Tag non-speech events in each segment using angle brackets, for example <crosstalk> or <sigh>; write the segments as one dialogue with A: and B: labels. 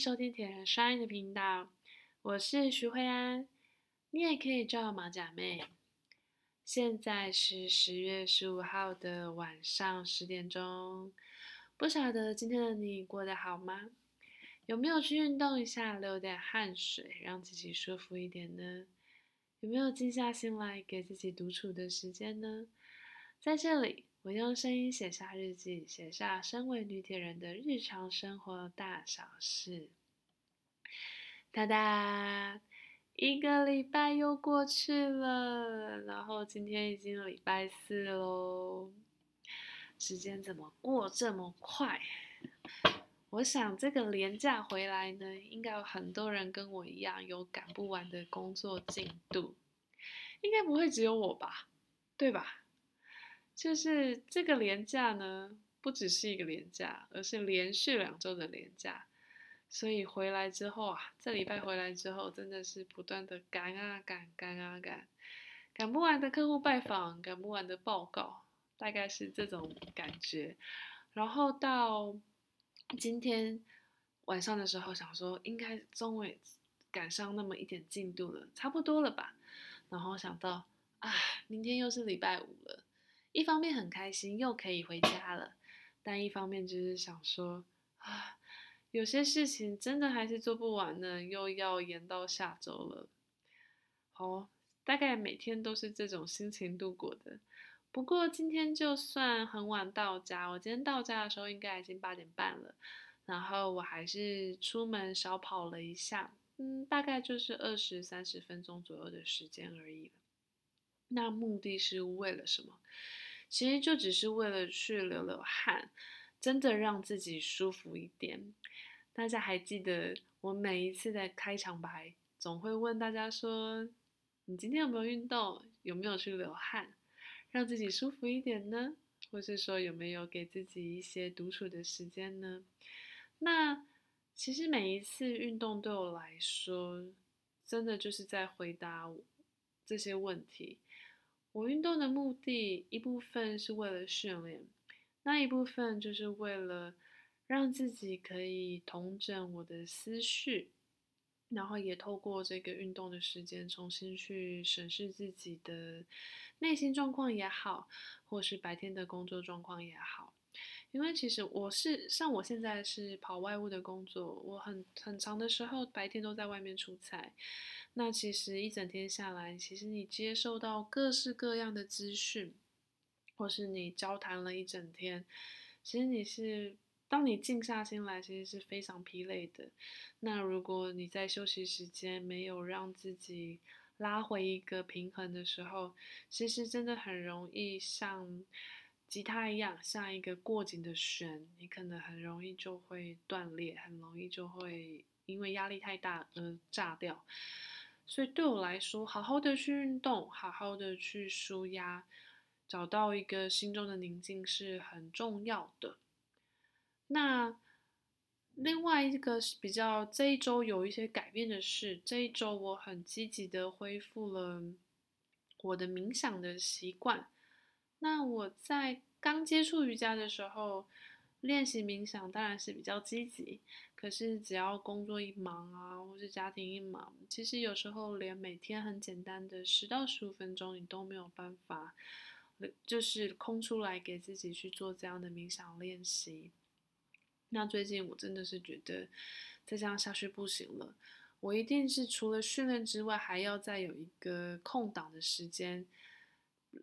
A: 收聽鐵人 Shine 的頻道，我是徐慧安，你也可以叫我馬甲妹。現在是十月十五號的晚上十點鐘，不曉得今天的你過得好嗎？有沒有去運動一下，流點汗水，讓自己舒服一點呢？有沒有靜下心來給自己獨處的時間呢？在這裡。我用聲音寫下日記，寫下身為女鐵人的日常生活大小事。噠噠，一個禮拜又過去了，然後今天已經禮拜四嘍。時間怎麼過這麼快？我想這個連假回來呢，應該有很多人跟我一樣有趕不完的工作進度，應該不會只有我吧？對吧？就是這個連假呢，不只是一個連假，而是連續兩周的連假。所以回來之後啊，這禮拜回來之後，真的是不斷的趕啊趕趕啊趕，趕不完的客戶拜訪，趕不完的報告，大概是這種感覺。然後到今天晚上的時候，想說應該終於趕上那麼一點進度了，差不多了吧。然後想到，啊，明天又是禮拜五了。一方面很開心又可以回家了，但一方面就是想說啊，有些事情真的還是做不完呢，又要延到下週了。哦，大概每天都是這種心情度過的。不過今天就算很晚到家，我今天到家的時候應該已經八點半了，然後我還是出門小跑了一下，嗯，大概就是二十三十分鐘左右的時間而已。那目的是為了什麼？其實就只是為了去流流汗，真的讓自己舒服一點。大家還記得我每一次在開場白，總會問大家說：“你今天有沒有運動？有沒有去流汗，讓自己舒服一點呢？或是說有沒有給自己一些獨處的時間呢？”那其實每一次運動對我來說，真的就是在回答我這些問題。我運動的目的，一部分是為了訓練，那一部分就是為了讓自己可以統整我的思緒，然後也透過這個運動的時間，重新去審視自己的內心狀況也好，或是白天的工作狀況也好。因為其實我是像我現在是跑外務的工作，我很很長的時候白天都在外面出差。那其實一整天下來，其實你接受到各式各樣的資訊，或是你交談了一整天，其實你是，當你靜下心來，其實是非常疲累的。那如果你在休息時間沒有讓自己拉回一個平衡的時候，其實真的很容易像吉他一樣，像一個過緊的弦，你可能很容易就會斷裂，很容易就會因為壓力太大而炸掉。所以對我來說，好好的去運動，好好的去舒壓，找到一個心中的寧靜是很重要的。那另外一個比較，這一周有一些改變的是，這一周我很積極的恢復了我的冥想的習慣。那我在剛接觸瑜伽的時候，練習冥想當然是比較積極。可是只要工作一忙啊，或是家庭一忙，其實有時候連每天很簡單的十到十五分鐘，你都沒有辦法，就是空出來給自己去做這樣的冥想練習。那最近我真的是覺得，再這樣下去不行了。我一定是除了訓練之外，還要再有一個空檔的時間。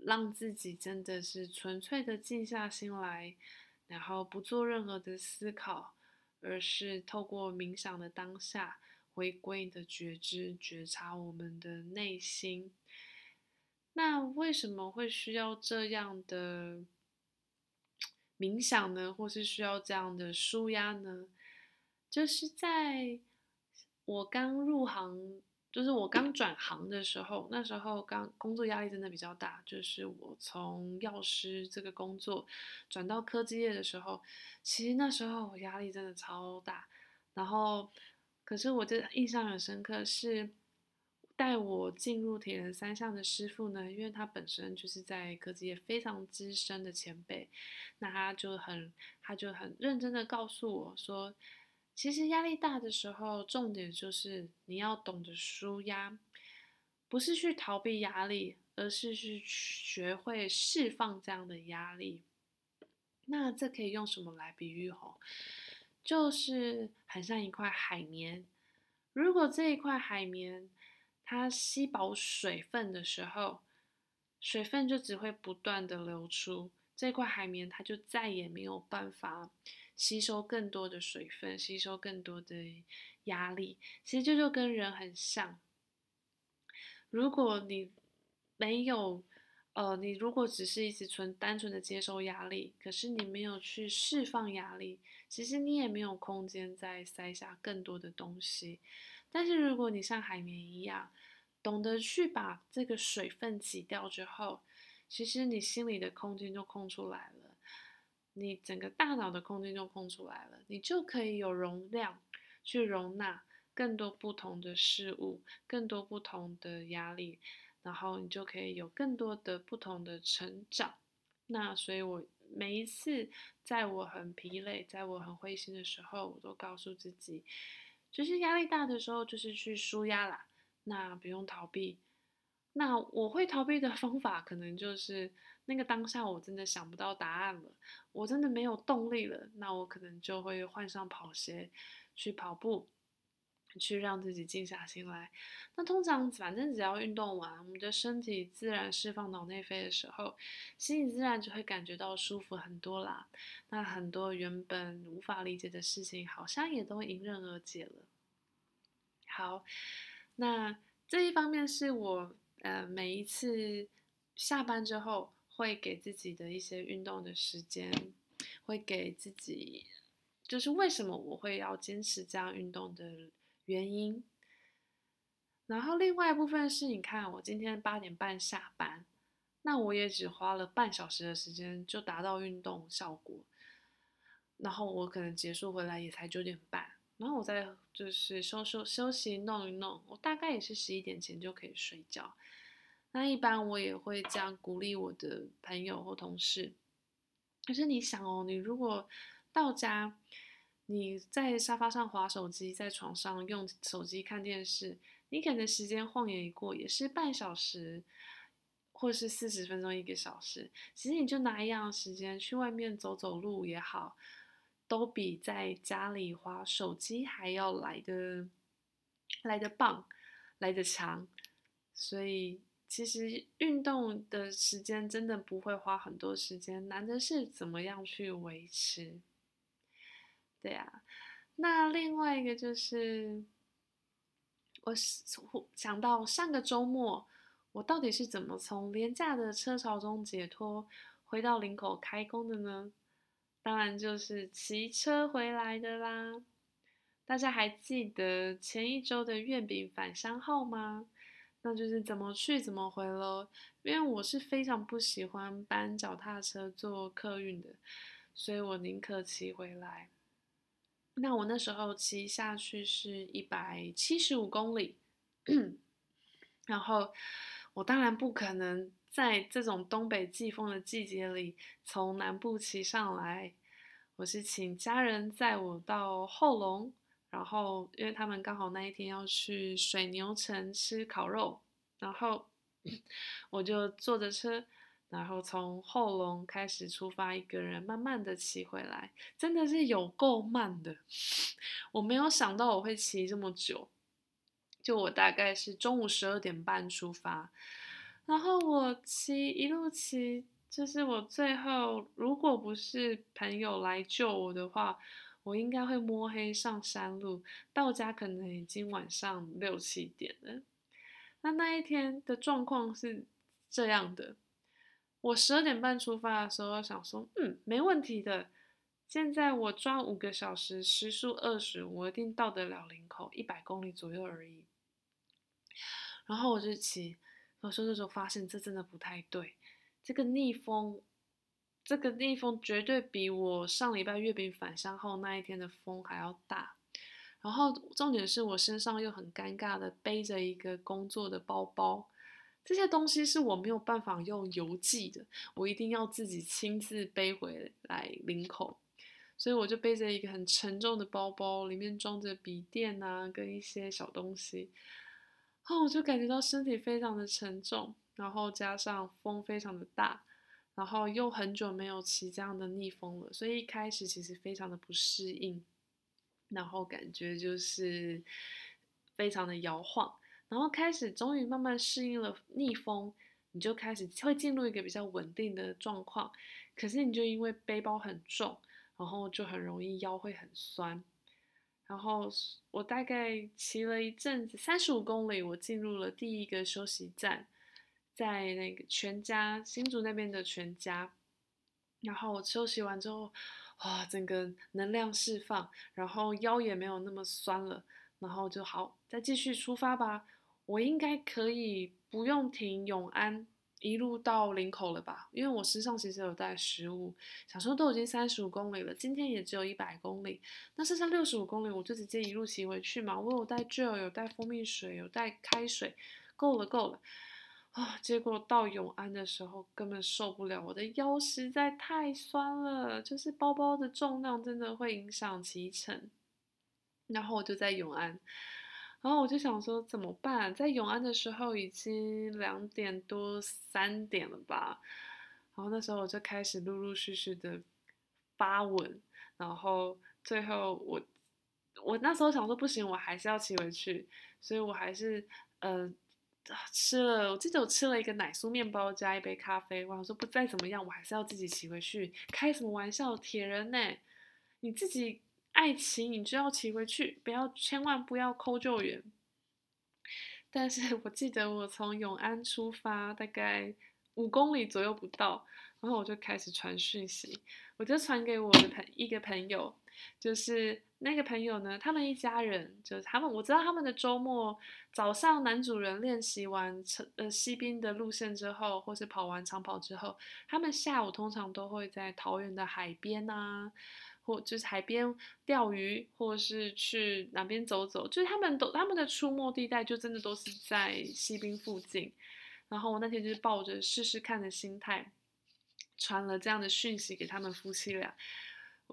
A: 讓自己真的是純粹的靜下心來，然後不做任何的思考，而是透過冥想的當下，回歸的覺知，覺察我們的內心。那為什麼會需要這樣的冥想呢？或是需要這樣的舒壓呢？就是在我剛入行。就是我剛轉行的時候，那時候剛工作壓力真的比較大。就是我從藥師這個工作轉到科技業的時候，其實那時候我壓力真的超大。然後，可是我這印象很深刻，是帶我進入鐵人三項的師傅呢，因為他本身就是在科技業非常資深的前輩，那他就很他就很認真的告訴我說，其實壓力大的時候，重點就是你要懂得舒壓，不是去逃避壓力，而是去學會釋放這樣的壓力。那這可以用什麼來比喻吼？就是很像一塊海綿。如果這一塊海綿它吸飽水分的時候，水分就只會不斷地流出，這塊海綿它就再也沒有辦法。吸收更多的水分，吸收更多的壓力。其實這就跟人很像。如果你沒有，呃，你如果只是一直純單純的接收壓力，可是你沒有去釋放壓力，其實你也沒有空間再塞下更多的東西。但是如果你像海綿一樣，懂得去把這個水分擠掉之後，其實你心裡的空間就空出來了。你整個大腦的空間就空出來了，你就可以有容量去容納更多不同的事物，更多不同的壓力，然後你就可以有更多的不同的成長。那所以，我每一次在我很疲累，在我很灰心的時候，我都告訴自己，就是壓力大的時候，就是去舒壓啦，那不用逃避。那我會逃避的方法，可能就是那個當下我真的想不到答案了，我真的沒有動力了，那我可能就會換上跑鞋去跑步，去讓自己靜下心來。那通常反正只要運動完，我們的身體自然釋放腦內啡的時候，心裡自然就會感覺到舒服很多啦。那很多原本無法理解的事情，好像也都迎刃而解了。好，那這一方面是我。呃，每一次下班之後，會給自己的一些運動的時間，會給自己，就是為什麼我會要堅持這樣運動的原因。然後另外一部分是，你看我今天八點半下班，那我也只花了半小時的時間就達到運動效果，然後我可能結束回來也才九點半。然後我再就是收收休息弄一弄，no, no, 我大概也是十一點前就可以睡覺。那一般我也會這樣鼓勵我的朋友或同事。可是你想哦，你如果到家，你在沙發上滑手機，在床上用手機看電視，你可能時間晃眼一過也是半小時，或是四十分鐘一個小時。其實你就拿一樣的時間去外面走走路也好，都比在家裡滑手機還要來得來得棒，來得強。所以其實運動的時間真的不會花很多時間，難的是怎麼樣去維持。對啊，那另外一個就是我想到上個周末，我到底是怎麼從連假的車潮中解脫，回到林口開工的呢？當然就是騎車回來的啦！大家還記得前一周的月餅返鄉號嗎？那就是怎麼去怎麼回嘍。因為我是非常不喜歡搬腳踏車坐客運的，所以我寧可騎回來。那我那時候騎下去是一百七十五公里，然後我當然不可能。在這種東北季風的季節裡，從南部騎上來，我是請家人載我到後龍，然後因為他們剛好那一天要去水牛城吃烤肉，然後我就坐着車，然後從後龍開始出發，一個人慢慢的騎回來，真的是有夠慢的，我沒有想到我會騎這麼久，就我大概是中午十二點半出發。然後我騎一路騎，就是我最後，如果不是朋友來救我的話，我應該會摸黑上山路，到家可能已經晚上六七點了。那那一天的狀況是這樣的：我十二點半出發的時候我想說，嗯，沒問題的。現在我抓五個小時，時速二十，我一定到得了林口，一百公里左右而已。然後我就騎。我收拾時候發現這真的不太對，這個逆風，這個逆風絕對比我上禮拜月餅返鄉號那一天的風還要大。然後重點是我身上又很尷尬的背着一個工作的包包，這些東西是我沒有辦法用郵寄的，我一定要自己親自背回來林口。所以我就背着一個很沉重的包包，裡面裝着筆電啊跟一些小東西。哦，我就感覺到身體非常的沉重，然後加上風非常的大，然後又很久沒有騎這樣的逆風了，所以一開始其實非常的不適應，然後感覺就是非常的搖晃，然後開始終於慢慢適應了逆風，你就開始會進入一個比較穩定的狀況，可是你就因為背包很重，然後就很容易腰會很酸。然後我大概騎了一陣子，三十五公里，我進入了第一個休息站，在那個全家，新竹那邊的全家。然後我休息完之後，哇、哦，整個能量釋放，然後腰也沒有那麼酸了，然後就好，再繼續出發吧。我應該可以不用停永安。一路到林口了吧？因為我身上其實有帶食物，想說都已經三十五公里了，今天也只有一百公里，那剩下六十五公里我就直接一路騎回去嘛。我有帶 gel，有帶蜂蜜水，有帶開水，夠了夠了。啊，結果到永安的時候根本受不了，我的腰實在太酸了，就是包包的重量真的會影響騎乘。然後我就在永安。然後我就想說怎麼辦？在永安的時候已經兩點多三點了吧。然後那時候我就開始陸陸續續的發文，然後最後我我那時候想說不行，我還是要騎回去，所以我還是呃吃了，我記得我吃了一個奶酥麵包加一杯咖啡。我想說不再怎麼樣，我還是要自己騎回去。開什麼玩笑，鐵人呢？你自己。愛騎，你就要騎回去，不要，千萬不要摳救援。但是我記得我從永安出發，大概五公里左右不到，然後我就開始傳訊息，我就傳給我的朋一個朋友，就是那個朋友呢，他們一家人，就是他們，我知道他們的週末早上男主人練習完成呃西濱的路線之後，或是跑完長跑之後，他們下午通常都會在桃園的海邊啊。或就是海邊釣魚，或者是去哪邊走走，就是他們都他們的出沒地帶就真的都是在西濱附近。然後我那天就是抱着試試看的心態，傳了這樣的訊息給他們夫妻倆，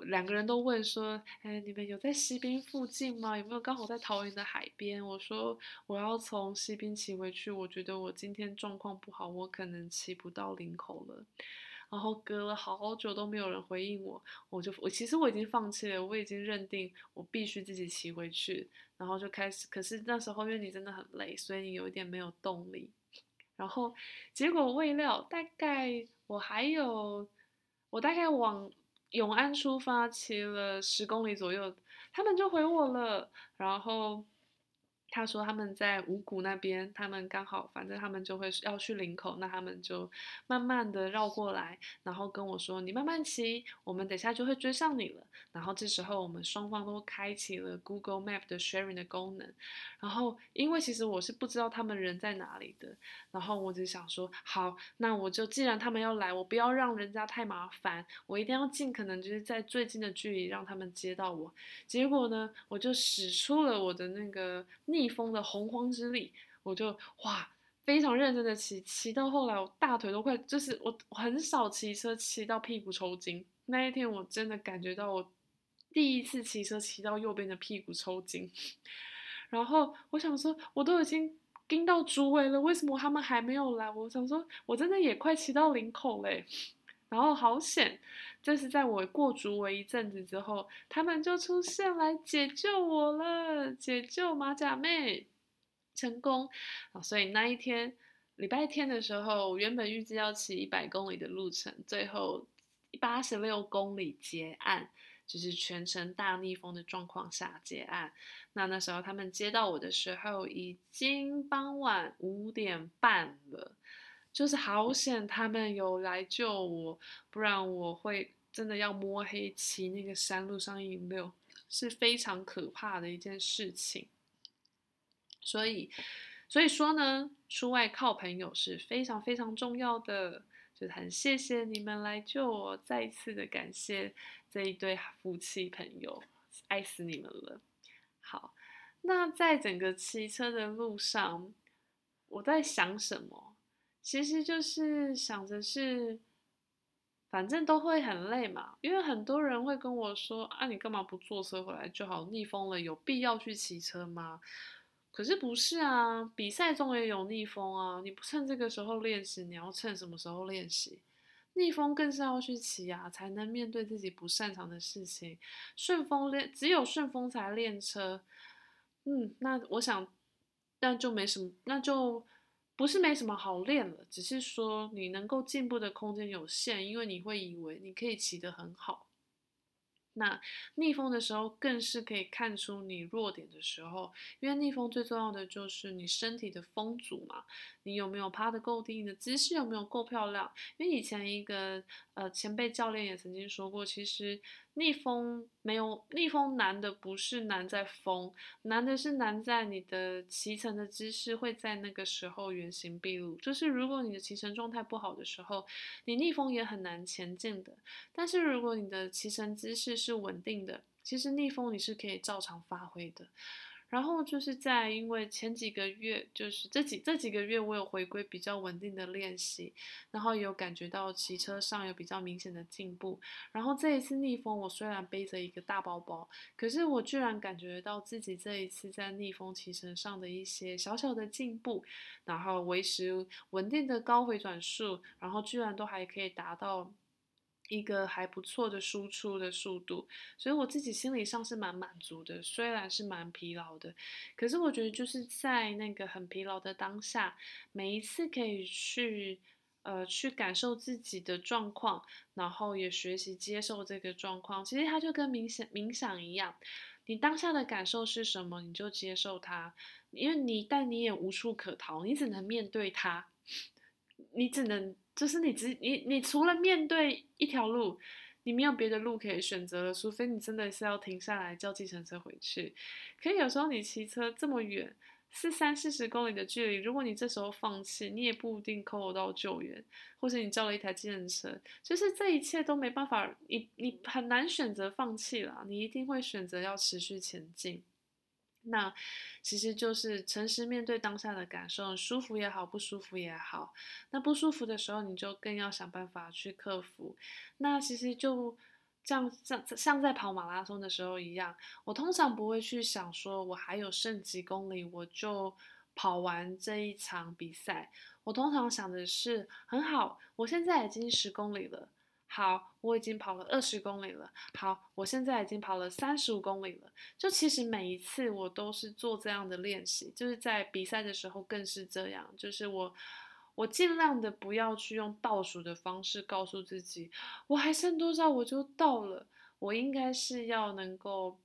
A: 兩個人都問說：“哎、欸，你們有在西濱附近嗎？有沒有剛好在桃園的海邊？”我說：“我要從西濱騎回去，我覺得我今天狀況不好，我可能騎不到林口了。”然後隔了好、好久都沒有人回應我，我就我其實我已經放棄了，我已經認定我必須自己騎回去，然後就開始。可是那時候因為你真的很累，所以你有一點沒有動力。然後結果未料，大概我還有我大概往永安出發騎了十公里左右，他們就回我了，然後。他說他們在五穀那邊，他們剛好，反正他們就會要去林口，那他們就慢慢的繞過來，然後跟我說：“你慢慢騎，我們等下就會追上你了。”然後這時候我們雙方都開啟了 Google Map 的 sharing 的功能。然後因為其實我是不知道他們人在哪裡的，然後我就想說：“好，那我就既然他們要來，我不要讓人家太麻煩，我一定要盡可能就是在最近的距離讓他們接到我。”結果呢，我就使出了我的那個逆。蜜蜂，蜂的洪荒之力，我就哇，非常認真的騎，騎到後來我大腿都快，就是我很少騎車騎到屁股抽筋。那一天我真的感覺到我第一次騎車騎到右邊的屁股抽筋， <laughs> 然後我想說，我都已經盯到竹圍了，為什麼他們還沒有來？我想說，我真的也快騎到林口嘞。然後好險，就是在我過竹圍一陣子之後，他們就出現來解救我了，解救馬甲妹，成功。啊，所以那一天禮拜天的時候，我原本預計要騎一百公里的路程，最後八十六公里結案，就是全程大逆風的狀況下結案。那那時候他們接到我的時候，已經傍晚五點半了。就是好險，他們有來救我，不然我會真的要摸黑騎那個山路上一路，是非常可怕的一件事情。所以，所以說呢，出外靠朋友是非常非常重要的。就是、很謝謝你們來救我，再一次的感謝這一對夫妻朋友，愛死你們了。好，那在整個騎車的路上，我在想什麼？其實就是想着是，反正都會很累嘛。因為很多人會跟我說：“啊，你幹嘛不坐車回來就好？逆風了，有必要去騎車嗎？”可是不是啊，比賽中也有逆風啊。你不趁這個時候練習，你要趁什麼時候練習？逆風更是要去騎啊，才能面對自己不擅長的事情。順風練，只有順風才練車。嗯，那我想，那就沒什麼，那就。不是沒什麼好練了，只是說你能夠進步的空間有限，因為你會以為你可以騎得很好。那逆風的時候更是可以看出你弱點的時候，因為逆風最重要的就是你身體的風阻嘛，你有沒有趴得夠低，你的姿勢有沒有夠漂亮？因為以前一個呃前輩教練也曾經說過，其實。逆風沒有逆風難的，不是難在風，難的是難在你的騎乘的姿勢會在那個時候原形畢露。就是如果你的騎乘狀態不好的時候，你逆風也很難前進的。但是如果你的騎乘姿勢是穩定的，其實逆風你是可以照常發揮的。然後就是在因為前幾個月，就是這幾這幾個月，我有回歸比較穩定的練習，然後有感覺到騎車上有比較明顯的進步。然後這一次逆風，我雖然背着一個大包包，可是我居然感覺到自己這一次在逆風騎乘上的一些小小的進步，然後維持穩定的高回轉數，然後居然都還可以達到，一個還不錯的輸出的速度，所以我自己心理上是蠻滿足的，雖然是蠻疲勞的，可是我覺得就是在那個很疲勞的當下，每一次可以去呃去感受自己的狀況，然後也學習接受這個狀況。其實它就跟冥想冥想一樣，你當下的感受是什麼，你就接受它，因為你但你也無處可逃，你只能面對它，你只能。就是你只你你除了面對一條路，你沒有別的路可以選擇了，除非你真的是要停下來叫計程車回去。可以有時候你騎車這麼遠，四三四十公里的距離，如果你這時候放棄，你也不一定 call 到救援，或是你叫了一台計程車，就是這一切都沒辦法，你你很難選擇放棄啦，你一定會選擇要持續前進。那其實就是誠實面對當下的感受，舒服也好，不舒服也好。那不舒服的時候，你就更要想辦法去克服。那其實就像像像在跑馬拉松的時候一樣，我通常不會去想說我還有剩幾公里，我就跑完這一場比賽。我通常想的是，很好，我現在已經十公里了。好，我已經跑了二十公里了。好，我現在已經跑了三十五公里了。就其實每一次我都是做這樣的練習，就是在比賽的時候更是這樣。就是我，我盡量的不要去用倒數的方式告訴自己我還剩多少我就到了。我應該是要能夠，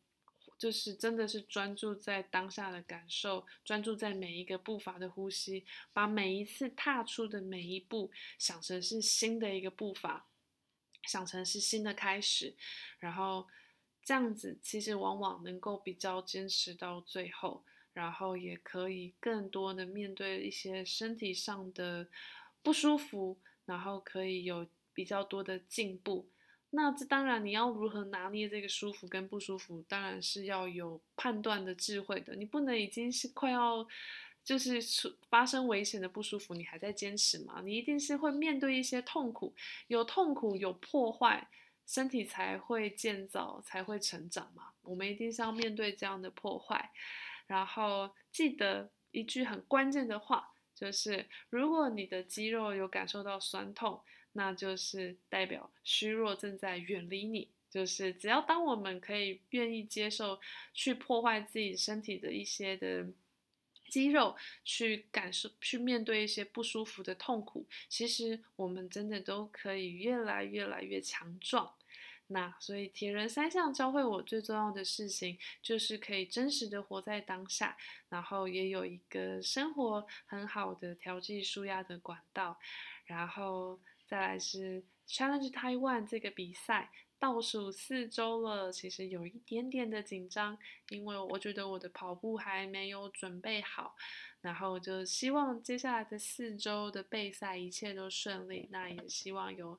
A: 就是真的是專注在當下的感受，專注在每一個步伐的呼吸，把每一次踏出的每一步想成是新的一個步伐，想成是新的開始，然後這樣子其實往往能夠比較堅持到最後，然後也可以更多的面對一些身體上的不舒服，然後可以有比較多的進步。那這當然你要如何拿捏這個舒服跟不舒服，當然是要有判斷的智慧的，你不能已經是快要。就是出發生危險的不舒服，你還在堅持嗎？你一定是會面對一些痛苦，有痛苦，有破壞，身體才會建造，才會成長嘛。我們一定是要面對這樣的破壞，然後記得一句很關鍵的話，就是如果你的肌肉有感受到酸痛，那就是代表虛弱正在遠離你。就是只要當我們可以願意接受去破壞自己身體的一些的。肌肉，去感受、去面對一些不舒服的痛苦，其實我們真的都可以越來越來越強壯。那所以鐵人三項教會我最重要的事情，就是可以真實的活在當下，然後也有一個生活很好的調劑舒壓的管道。然後再來是 Challenge Taiwan 這個比賽。倒數四周了，其實有一點點的緊張，因為我覺得我的跑步還沒有準備好，然後就希望接下來的四周的備賽一切都順利。那也希望有，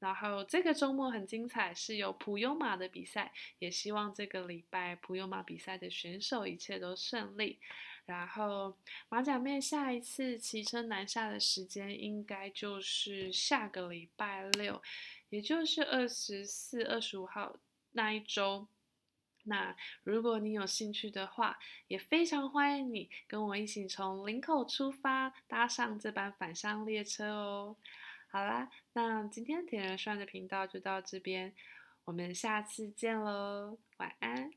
A: 然後這個周末很精彩，是有普悠瑪的比賽，也希望這個禮拜普悠瑪比賽的選手一切都順利。然後馬甲妹下一次騎車南下的時間應該就是下個禮拜六，也就是二十四、二十五號那一周，那如果你有興趣的話，也非常歡迎你跟我一起從林口出發，搭上這班返鄉列車哦。好啦，那今天鐵人 Shine 的頻道就到這邊，我們下次見嘍，晚安。